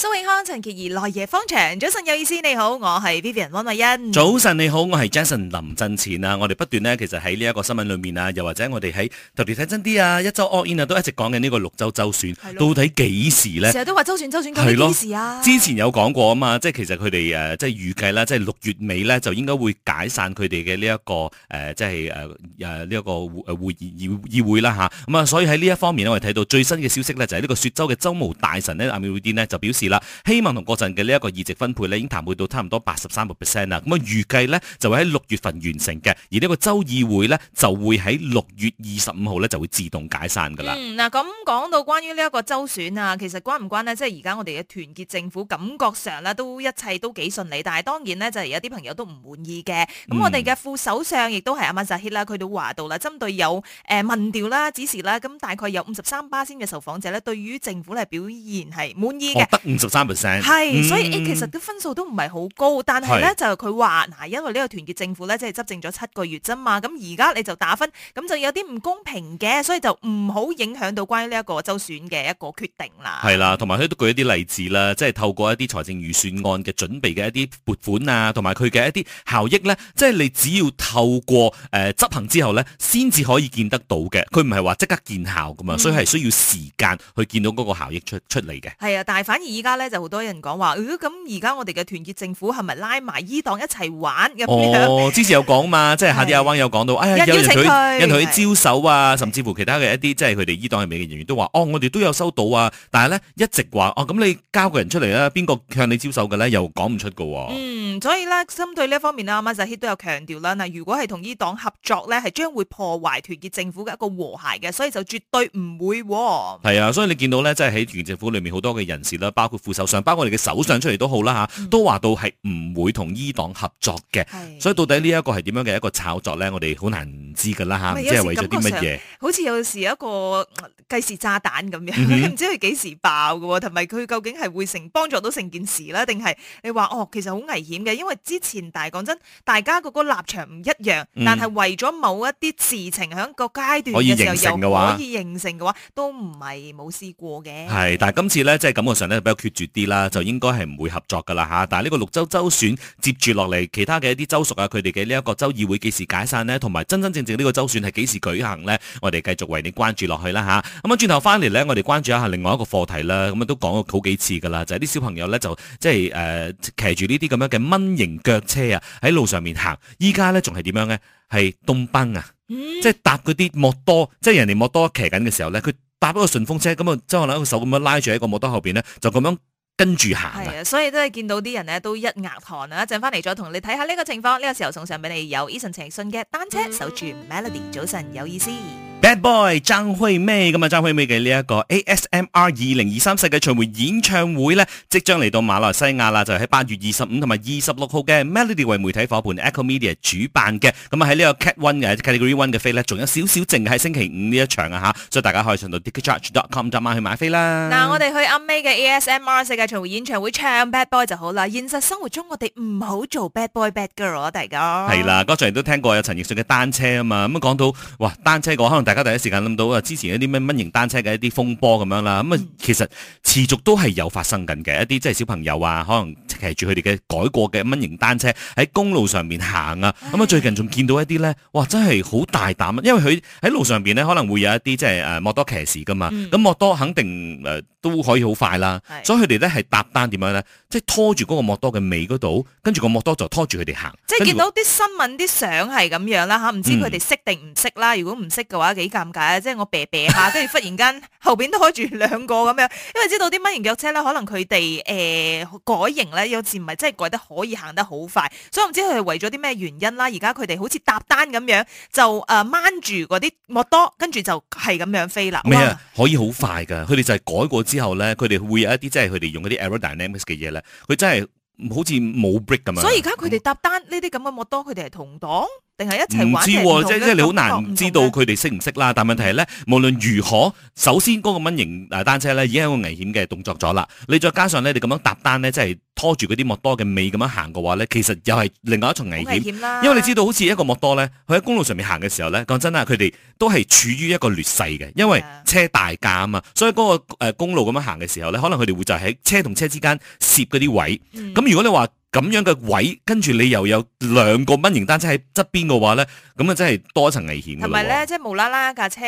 蘇永康、陳潔儀、落夜方長，早晨有意思，你好，我係 Vivian 温慧欣。早晨你好，我係 Jason 林振前啊！我哋不斷呢，其實喺呢一個新聞裏面啊，又或者我哋喺特別睇真啲啊，一周 all in 啊，都一直講緊呢個六周周轉，到底幾時呢？成日都話周轉周轉，講啲時啊？之前有講過啊嘛，即係其實佢哋誒，即係預計咧，即係六月尾呢，就應該會解散佢哋嘅呢一個誒、呃，即係誒誒呢一個會會議議會啦吓。咁啊，所以喺呢一方面呢，我哋睇到最新嘅消息呢，就係、是、呢個雪州嘅州務大臣呢，阿妙堅呢，就表示。啦，希望同過陣嘅呢一個議席分配咧，已經談判到差唔多八十三個 percent 啦。咁啊，預計咧就會喺六月份完成嘅，而呢個州議會咧就會喺六月二十五號咧就會自動解散㗎啦。嗯，嗱，咁講到關於呢一個州選啊，其實關唔關咧？即係而家我哋嘅團結政府感覺上啦，都一切都幾順利。但係當然咧，就係有啲朋友都唔滿意嘅。咁我哋嘅副首相亦都係阿馬扎希啦，佢都話到啦，針對有誒民調啦、指示啦，咁大概有五十三巴仙嘅受訪者咧，對於政府咧表現係滿意嘅。十三係，所以，誒，其實啲分數都唔係好高，但係咧就佢話，嗱，因為呢個團結政府咧，即係執政咗七個月啫嘛，咁而家你就打分，咁就有啲唔公平嘅，所以就唔好影響到關於呢一個州選嘅一個決定啦。係啦，啊，同埋佢都舉一啲例子啦，即係透過一啲財政預算案嘅準備嘅一啲撥款啊，同埋佢嘅一啲效益咧，即係你只要透過誒執行之後咧，先至可以見得到嘅，佢唔係話即刻見效噶嘛、嗯，所以係需要時間去見到嗰個效益出出嚟嘅。係啊，但係反而而家。咧就好多人講話，咁而家我哋嘅團結政府係咪拉埋伊黨一齊玩？哦，之前有講嘛， 即係下啲阿灣有講到，有、哎、人佢有佢招手啊，甚至乎其他嘅一啲即係佢哋伊黨入面嘅人員都話，哦，我哋都有收到啊，但係咧一直話，哦，咁你交個人出嚟啊，邊個向你招手嘅咧，又講唔出噶、啊。嗯所以咧，針對呢一方面呢，阿馬薩希都有強調啦。嗱，如果係同伊黨合作咧，係將會破壞團結政府嘅一個和諧嘅，所以就絕對唔會、哦。係啊，所以你見到咧，即係喺團政府裏面好多嘅人士啦，包括副首相、包括我哋嘅首相出嚟都好啦，嚇，都話到係唔會同伊黨合作嘅。所以到底呢一個係點樣嘅一個炒作咧？我哋好難唔知㗎啦，吓，即係為咗啲乜嘢？好似有時一個計時炸彈咁樣，你、嗯、唔知佢幾時爆嘅喎，同埋佢究竟係會成幫助到成件事咧，定係你話哦，其實好危險嘅。因為之前大講真，大家個個立場唔一樣，嗯、但係為咗某一啲事情，響個階段嘅時候又可以形成嘅話，都唔係冇試過嘅。係，但係今次咧，即係感覺上咧比較決絕啲啦，就應該係唔會合作噶啦吓。但係呢個六州州選接住落嚟，其他嘅一啲州屬啊，佢哋嘅呢一個州議會幾時解散呢，同埋真真正正呢個州選係幾時舉行呢，我哋繼續為你關注落去啦吓。咁啊，轉頭翻嚟咧，我哋關注一下另外一個課題啦。咁啊，都講過好幾次噶啦，就係、是、啲小朋友咧就即係誒騎住呢啲咁樣嘅新型腳車啊，喺路上面行，依家咧仲係點樣咧？係東奔啊！即係搭嗰啲摩托，即係人哋摩托騎緊嘅時候咧，佢搭咗個順風車咁啊，即係攞個手咁樣拉住喺個摩托後邊咧，就咁樣跟住行啊！是所以都係見到啲人咧都一額汗啊！回來看一陣翻嚟再同你睇下呢個情況。呢、這個時候送上俾你有 Eason 陳奕迅嘅單車守住 Melody，早晨有意思。Bad Boy 張惠妹咁啊，張惠妹嘅呢一個 ASMR 二零二三世界巡迴演唱會咧，即將嚟到馬來西亞啦，就喺八月二十五同埋二十六號嘅 Melody 為媒體伙伴 Echo Media 主辦嘅，咁啊喺呢個 Cat One 嘅 Category One 嘅飛咧，仲有少少剩喺星期五呢一場啊吓，所以大家可以上到 d i c k t c h a r g e c o m 今晚去買飛啦。嗱，我哋去阿 a 嘅 ASMR 世界巡迴演唱會唱 Bad Boy 就好啦。現實生活中我哋唔好做 Bad Boy Bad Girl 啊，大家。係啦，剛才都聽過有陳奕迅嘅單車啊嘛，咁講到哇單車個，可能大家。第一時間諗到啊，之前一啲咩蚊型單車嘅一啲風波咁樣啦，咁、嗯、啊其實持續都係有發生緊嘅一啲，即係小朋友啊，可能騎住佢哋嘅改過嘅蚊型單車喺公路上面行啊，咁啊最近仲見到一啲咧，哇真係好大膽啊！因為佢喺路上面咧可能會有一啲即係誒摩多騎士噶嘛，咁、嗯、摩多肯定、呃、都可以好快啦，所以佢哋咧係搭單點樣咧，即係拖住嗰個摩多嘅尾嗰度，跟住個摩多摩多就拖住佢哋行。即係、那個、見到啲新聞啲相係咁樣啦嚇，唔知佢哋識定唔識啦？嗯、如果唔識嘅話尷尬啊！即係我啤啤啊，跟住忽然間後邊都開住兩個咁樣，因為知道啲蚊型腳車咧，可能佢哋誒改型咧，有次唔係真係改得可以行得好快，所以我唔知佢係為咗啲咩原因啦。而家佢哋好似搭單咁樣，就誒掹住嗰啲摩托，跟住就係咁樣飛啦。咩？啊、嗯，可以好快噶，佢哋就係改過之後咧，佢哋會有一啲即係佢哋用嗰啲 aerodynamics 嘅嘢咧，佢真係好似冇 break 咁樣。所以而家佢哋搭單呢啲咁嘅摩托，佢哋係同黨。定係一齊玩嘅唔知，即即係你好難知道佢哋識唔識啦。但問題係咧，無論如何，首先嗰個蚊形啊單車咧已經係一個危險嘅動作咗啦。你再加上咧，你咁樣搭單咧，即係拖住嗰啲莫多嘅尾咁樣行嘅話咧，其實又係另外一層危險啦。因為你知道，好似一個莫多咧，佢喺公路上面行嘅時候咧，講真啦，佢哋都係處於一個劣勢嘅，因為車大架啊嘛。所以嗰個誒公路咁樣行嘅時候咧，可能佢哋會就喺車同車之間攝嗰啲位。咁、嗯、如果你話，咁樣嘅位，跟住你又有兩個蚊型單車喺側邊嘅話咧，咁啊真係多一層危險。同埋咧，即係無啦啦架車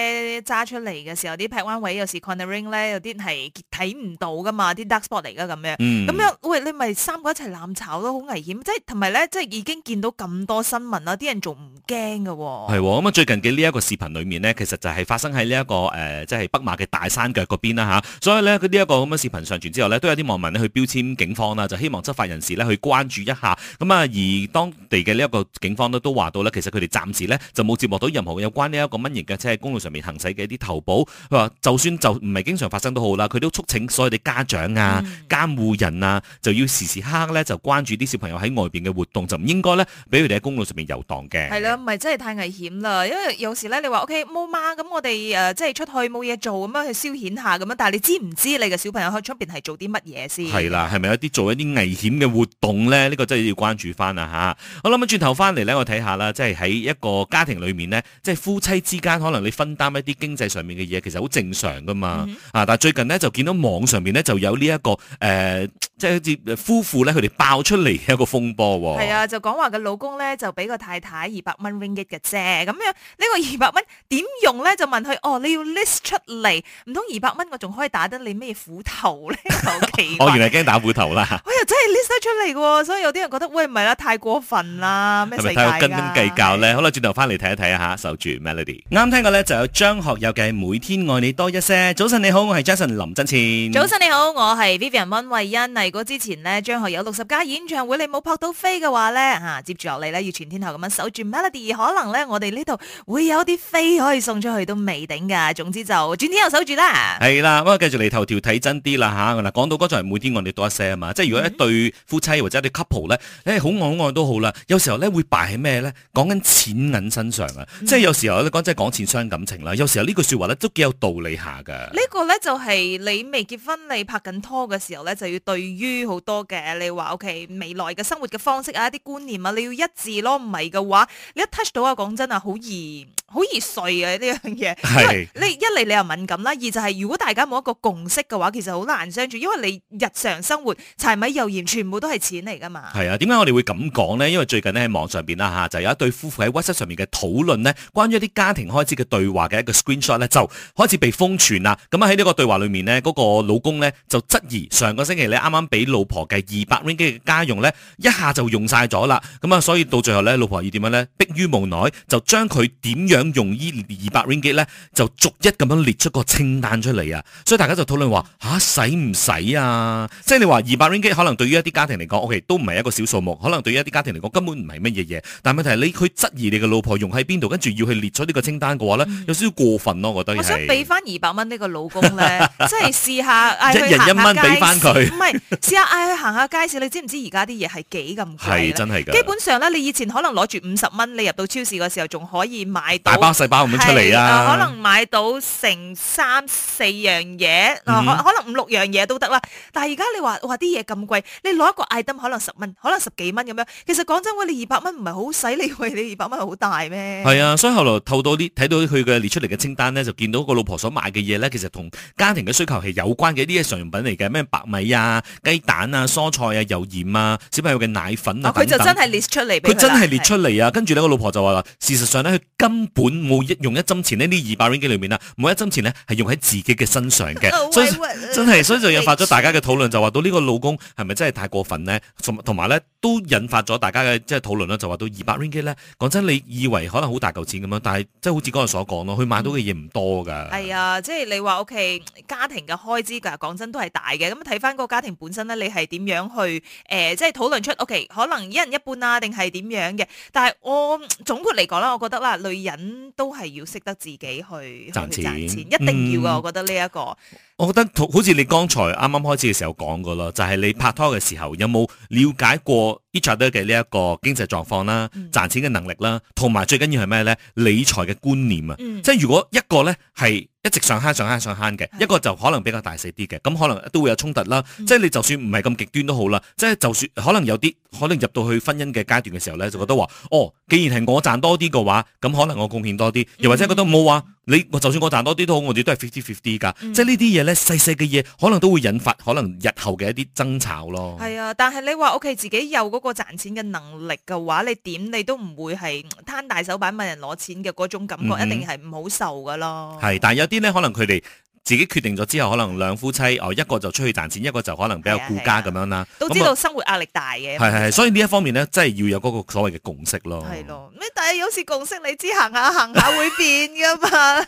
揸出嚟嘅時候，啲劈彎位有時 cornering 咧，有啲係睇唔到噶嘛，啲 dark spot 嚟噶咁樣。嗯。咁樣，喂，你咪三個一齊攬炒都好危險！即係同埋咧，即係已經見到咁多新聞啦，啲人仲唔驚嘅喎？係喎。咁啊，哦、最近嘅呢一個視頻裡面咧，其實就係發生喺呢一個誒，即、呃、係、就係、北馬嘅大山腳嗰邊啦、啊、吓，所以咧，佢呢一個咁嘅視頻上傳之後咧，都有啲網民去標籤警方啦、啊，就希望執法人士咧去。關注一下咁啊！而當地嘅呢一個警方呢都話到呢，其實佢哋暫時呢就冇接獲到任何有關呢一個蚊型嘅車喺公路上面行駛嘅一啲投訴。佢話就算就唔係經常發生都好啦，佢都促請所有嘅家長啊、嗯、監護人啊，就要時時刻刻呢就關注啲小朋友喺外邊嘅活動，就唔應該呢，俾佢哋喺公路上面遊蕩嘅。係啦，唔係真係太危險啦，因為有時呢，你話 OK，冇嘛咁我哋誒、呃、即係出去冇嘢做咁樣去消遣下咁樣，但係你知唔知你嘅小朋友喺出邊係做啲乜嘢先？係啦，係咪有啲做一啲危險嘅活動？咧、這、呢個真係要關注翻啊嚇！我諗轉頭翻嚟咧，我睇下啦，即係喺一個家庭裏面咧，即係夫妻之間，可能你分擔一啲經濟上面嘅嘢，其實好正常噶嘛、嗯、啊！但最近咧就見到網上面咧就有呢、這、一個、呃即就好、是、似夫婦咧，佢哋爆出嚟嘅一個風波喎、哦。係啊，就講話嘅老公咧，就俾個太太二百蚊 ringgit 嘅啫。咁樣這個200怎麼用呢個二百蚊點用咧？就問佢，哦，你要 list 出嚟，唔通二百蚊我仲可以打得你咩斧頭咧？ 奇吧 我原來驚打斧頭啦。 我又真係 list 得出嚟嘅、哦，所以有啲人覺得，喂，唔係啦，太過分啦，咩世界㗎？是是斤斤計較咧，好啦，轉頭翻嚟睇一睇下。守住 Melody。啱聽過咧，就有張學友嘅《每天愛你多一些》。早晨你好，我係 Jason 林真前。早晨你好，我係 Vivian 温慧欣嚟。如果之前呢，張學友六十家演唱會你冇撲到飛嘅話咧嚇、啊，接住落嚟咧要全天候咁樣守住 Melody，可能咧我哋呢度會有啲飛可以送出去都未定㗎。總之就全天候守住啦。係啦，咁啊繼續嚟頭條睇真啲啦嚇嗱，講、啊、到嗰陣每天我哋多一些啊嘛，即係如果一對夫妻或者一對 couple 咧、哎，誒好愛好愛都好啦，有時候咧會敗喺咩咧？講緊錢銀身上啊，即係有時候咧講即係講錢傷感情啦。有時候呢句説話咧都幾有道理下㗎。這個、呢個咧就係、是、你未結婚你拍緊拖嘅時候咧就要對。於好多嘅，你話 OK 未來嘅生活嘅方式啊，一啲觀念啊，你要一致咯，唔係嘅話，你一 touch 到啊，講真啊，好易好易碎嘅呢樣嘢。係，你一嚟你又敏感啦，二就係如果大家冇一個共識嘅話，其實好難相處，因為你日常生活柴米油鹽全部都係錢嚟㗎嘛。係啊，點解我哋會咁講咧？因為最近咧喺網上邊啦嚇，就有一對夫婦喺 WhatsApp 上面嘅討論咧，關於一啲家庭開支嘅對話嘅一個 screen shot 咧，就開始被瘋傳啦。咁啊喺呢個對話裡面咧，嗰個老公咧就質疑上個星期咧你啱啱。俾老婆嘅二百 ringgit 嘅家用咧，一下就用晒咗啦，咁啊，所以到最後咧，老婆要點樣咧？逼於無奈就將佢點樣用呢二百 ringgit 咧，就逐一咁樣列出個清單出嚟啊！所以大家就討論話吓使唔使啊？即係你話二百 ringgit 可能對於一啲家庭嚟講，我、OK，哋都唔係一個小數目，可能對於一啲家庭嚟講根本唔係乜嘢嘢。但係問題係你去質疑你嘅老婆用喺邊度，跟住要去列咗呢個清單嘅話咧、嗯，有少少過分咯、啊，我覺得。我想俾翻二百蚊呢個老公咧， 即係試下一人一蚊俾翻佢，唔係。 試下嗌佢行下街市，你知唔知而家啲嘢係幾咁貴係真係㗎！基本上咧，你以前可能攞住五十蚊，你入到超市嘅時候仲可以買到大包細包咁出嚟呀、啊。可能買到成三四樣嘢、嗯啊，可能五六樣嘢都得啦。但係而家你話，哇啲嘢咁貴，你攞一個艾燈可能十蚊，可能十幾蚊咁樣。其實講真嘅，你二百蚊唔係好使，你以為你二百蚊好大咩？係啊，所以後來透到啲睇到佢嘅列出嚟嘅清單咧，就見到個老婆所買嘅嘢咧，其實同家庭嘅需求係有關嘅，啲嘢常用品嚟嘅，咩白米啊。雞蛋啊、蔬菜啊、油鹽啊、小朋友嘅奶粉啊佢、哦、就真係列出嚟，佢真係列出嚟啊！跟住呢個老婆就話啦：事實上咧，佢根本冇一用一針錢呢呢二百 ringgit 裏面啊，每一針錢咧係用喺自己嘅身上嘅、嗯，所以、嗯、真係，所以就引發咗大家嘅討論，就話到呢個老公係咪真係太過分呢？同埋咧都引發咗大家嘅即係討論啦，就話到二百 ringgit 咧，講真，你以為可能好大嚿錢咁樣，但係即係好似嗰日所講咯，佢買到嘅嘢唔多噶。係、嗯、啊，即係你話屋企家庭嘅開支，其實講真都係大嘅。咁睇翻個家庭本。真咧，你係點樣去誒、呃？即係討論出，OK，可能一人一半啊，定係點樣嘅？但係我總括嚟講啦，我覺得啦，女人都係要識得自己去賺錢、錢，一定要啊、嗯！我覺得呢、這、一個。我覺得好似你剛才啱啱開始嘅時候講過咯，就係、是、你拍拖嘅時候有冇了解過 each other 嘅呢一個經濟狀況啦、嗯、賺錢嘅能力啦，同埋最緊要係咩咧？理財嘅觀念啊、嗯，即係如果一個咧係一直上慳上慳上慳嘅、嗯，一個就可能比較大細啲嘅，咁可能都會有衝突啦。即、嗯、係、就是、你就算唔係咁極端都好啦，即、就、係、是、就算可能有啲可能入到去婚姻嘅階段嘅時候咧，就覺得話哦，既然係我賺多啲嘅話，咁可能我貢獻多啲，又或者覺得冇話、啊。嗯你我就算我賺多啲都好，我哋都係 fifty-fifty 噶，嗯、即係呢啲嘢咧，細細嘅嘢可能都會引發可能日後嘅一啲爭吵咯。係啊，但係你話屋企自己有嗰個賺錢嘅能力嘅話，你點你都唔會係攤大手板問人攞錢嘅嗰種感覺，嗯嗯一定係唔好受噶咯。係，但係有啲咧，可能佢哋。自己決定咗之後，可能兩夫妻哦，一個就出去賺錢，一個就可能比較顧家咁、啊啊、樣啦。都知道生活壓力大嘅。係係係，所以呢一方面咧，真係要有嗰個所謂嘅共識咯。係咯，咩？但係有時共識你知行下行下會變㗎嘛。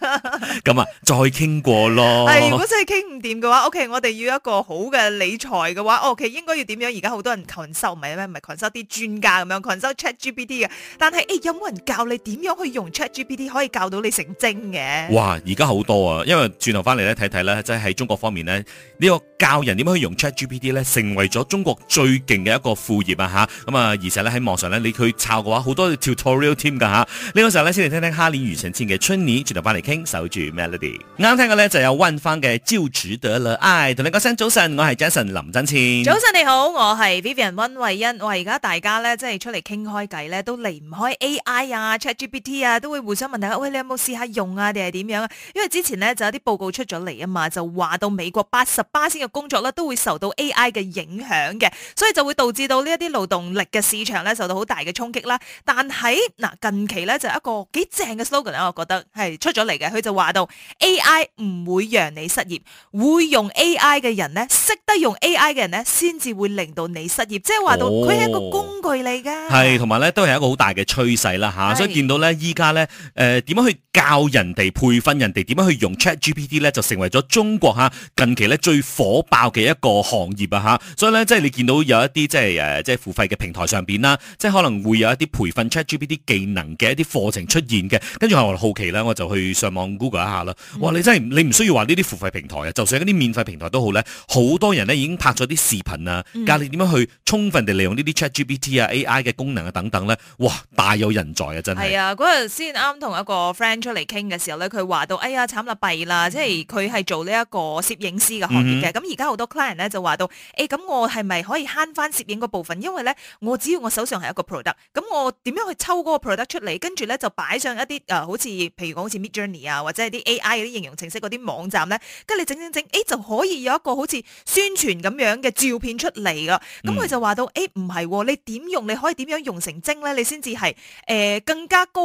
咁 啊，再傾過咯。係， 如果真係傾唔掂嘅話，OK，我哋要一個好嘅理財嘅話，OK，其實應該要點樣？而家好多人群收唔係咩？唔係群收啲專家咁樣群收 Chat GPT 嘅，但係誒、哎、有冇人教你點樣去用 Chat GPT 可以教到你成精嘅？哇！而家好多啊，因為轉頭返嚟。睇睇啦，即係喺中國方面呢，呢個教人點樣去用 ChatGPT 咧，成為咗中國最勁嘅一個副業啊！吓，咁啊，而且咧喺網上咧，你去抄嘅話，好多 tutorial 添噶吓。呢個時候咧，先嚟聽聽哈林庾澄慶嘅《春泥》，轉頭翻嚟傾，守住 Melody。啱聽嘅咧就有溫翻嘅招主得了，哎，同你講聲早晨，我係 Jason 林真千。早晨你好，我係 Vivian 温慧欣。我而家大家咧，即係出嚟傾開偈咧，都離唔開 AI 啊、ChatGPT 啊，都會互相問大家，喂、哎，你有冇試下用啊，定係點樣啊？因為之前呢，就有啲報告出咗。咗嚟啊嘛，就話到美國八十巴仙嘅工作咧，都會受到 AI 嘅影響嘅，所以就會導致到呢一啲勞動力嘅市場咧受到好大嘅衝擊啦。但係嗱近期咧就是、一個幾正嘅 slogan 咧，我覺得係出咗嚟嘅，佢就話到 AI 唔會讓你失業，會用 AI 嘅人咧，識得用 AI 嘅人咧，先至會令到你失業，即係話到佢係一個工具嚟嘅，係同埋咧都係一個好大嘅趨勢啦吓，所以見到咧依家咧誒點樣去教人哋培訓人哋點樣去用 ChatGPT 咧就。成為咗中國吓近期咧最火爆嘅一個行業啊吓，所以咧即係你見到有一啲即係誒即係付費嘅平台上邊啦，即係可能會有一啲培訓 ChatGPT 技能嘅一啲課程出現嘅，跟住係我哋好奇啦，我就去上網 Google 一下啦。哇，你真係你唔需要話呢啲付費平台啊，就算一啲免費平台都好咧，好多人咧已經拍咗啲視頻啊、嗯，教你點樣去充分地利用呢啲 ChatGPT 啊 AI 嘅功能啊等等咧，哇，大有人在啊，真係。係啊，嗰日先啱同一個 friend 出嚟傾嘅時候咧，佢話到，哎呀，慘啦，弊啦，即係。嗯佢係做呢一個攝影師嘅行業嘅，咁而家好多 client 咧就話到，誒、欸，咁我係咪可以慳翻攝影嗰部分？因為咧，我只要我手上係一個 product，咁我點樣去抽嗰個 product 出嚟，跟住咧就擺上一啲誒、呃、好似譬如講好似 Midjourney 啊，或者係啲 AI 嗰啲應用程式嗰啲網站咧，跟住你整整整，誒、欸、就可以有一個好似宣傳咁樣嘅照片出嚟噶。咁、嗯、佢就話到，誒唔係喎，你點用？你可以點樣用成精咧？你先至係誒更加高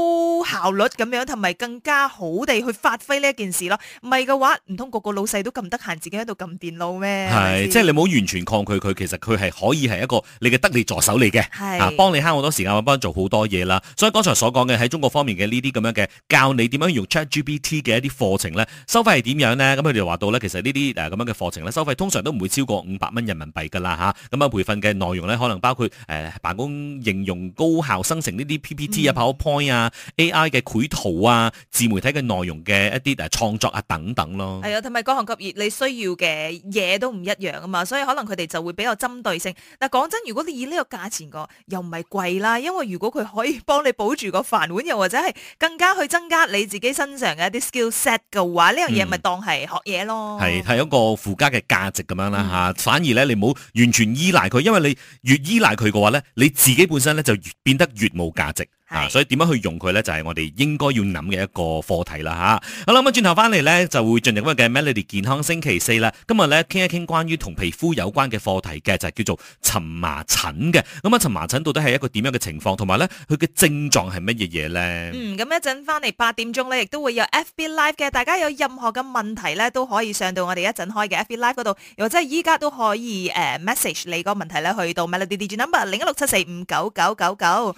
效率咁樣，同埋更加好地去發揮呢一件事咯。唔係嘅話。唔通個個老細都咁得閒，自己喺度撳電腦咩？係，即係你冇完全抗拒佢，其實佢係可以係一個你嘅得力助手嚟嘅，啊，幫你慳好多時間，幫做好多嘢啦。所以剛才所講嘅，喺中國方面嘅呢啲咁樣嘅教你點樣用 ChatGPT 嘅一啲課程咧，收費係點樣咧？咁佢哋話到咧，其實呢啲誒咁樣嘅課程咧，收費通常都唔會超過五百蚊人民幣噶啦吓。咁、啊、樣培訓嘅內容咧，可能包括誒、呃、辦公應用高效生成呢啲 PPT 啊、嗯、PowerPoint 啊、AI 嘅繪圖啊、自媒體嘅內容嘅一啲誒創作啊等等咯。係、哎、啊，同埋各行各業你需要嘅嘢都唔一樣啊嘛，所以可能佢哋就會比較針對性。但講真，如果你以呢個價錢個，又唔係貴啦，因為如果佢可以幫你保住個飯碗，又或者係更加去增加你自己身上嘅一啲 skill set 嘅話，呢樣嘢咪當係學嘢咯。係、嗯、係一個附加嘅價值咁樣啦吓，反而咧你唔好完全依賴佢，因為你越依賴佢嘅話咧，你自己本身咧就越變得越冇價值。啊，所以點樣去用佢咧，就係我哋應該要諗嘅一個課題啦，吓。好啦，咁啊，轉頭翻嚟咧，就會進入今日嘅 Melody 健康星期四啦。今日咧，傾一傾關於同皮膚有關嘅課題嘅，就係叫做蕁麻疹嘅。咁啊，蕁麻疹到底係一個點樣嘅情況，同埋咧，佢嘅症狀係乜嘢嘢咧？嗯，咁一陣翻嚟八點鐘咧，亦都會有 FB Live 嘅。大家有任何嘅問題咧，都可以上到我哋一陣開嘅 FB Live 度。又或者係依家都可以誒 message 你個問題咧，去到 Melody DJ number 零一六七四五九九九九。